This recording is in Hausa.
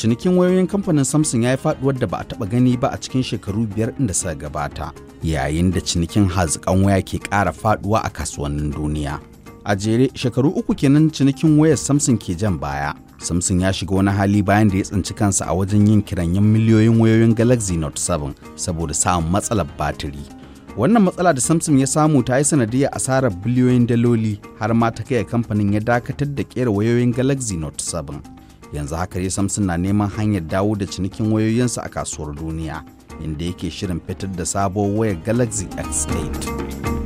cinikin wayoyin kamfanin samsung ya yi faduwar da ba a taba gani ba a cikin shekaru biyar inda suka gabata yayin da cinikin hazikan waya ke ƙara faduwa a kasuwannin duniya a jere shekaru uku kenan cinikin wayar samsung ke jan baya samsung ya shiga wani hali bayan da ya tsinci kansa a wajen yin kiranyen miliyoyin wayoyin galaxy note 7 saboda samun matsalar batiri wannan matsala da samsung ya samu ta yi sanadiyar asarar biliyoyin daloli har ma ta kai kamfanin ya dakatar da kera wayoyin galaxy note 7 yanzu haka dai samson na neman hanyar dawo da cinikin wayoyinsa a kasuwar duniya inda yake shirin fitar da sabuwar wayar galaxy x8